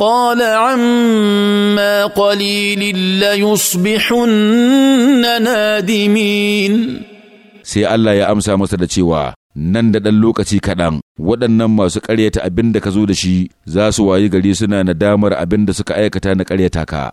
قال عما قليل ليصبحن نادمين sai Allah ya amsa masa da cewa nan da ɗan lokaci kaɗan waɗannan masu ƙaryata abin da ka zo da shi za su wayi gari suna nadamar abin da suka aikata na ƙaryata ka.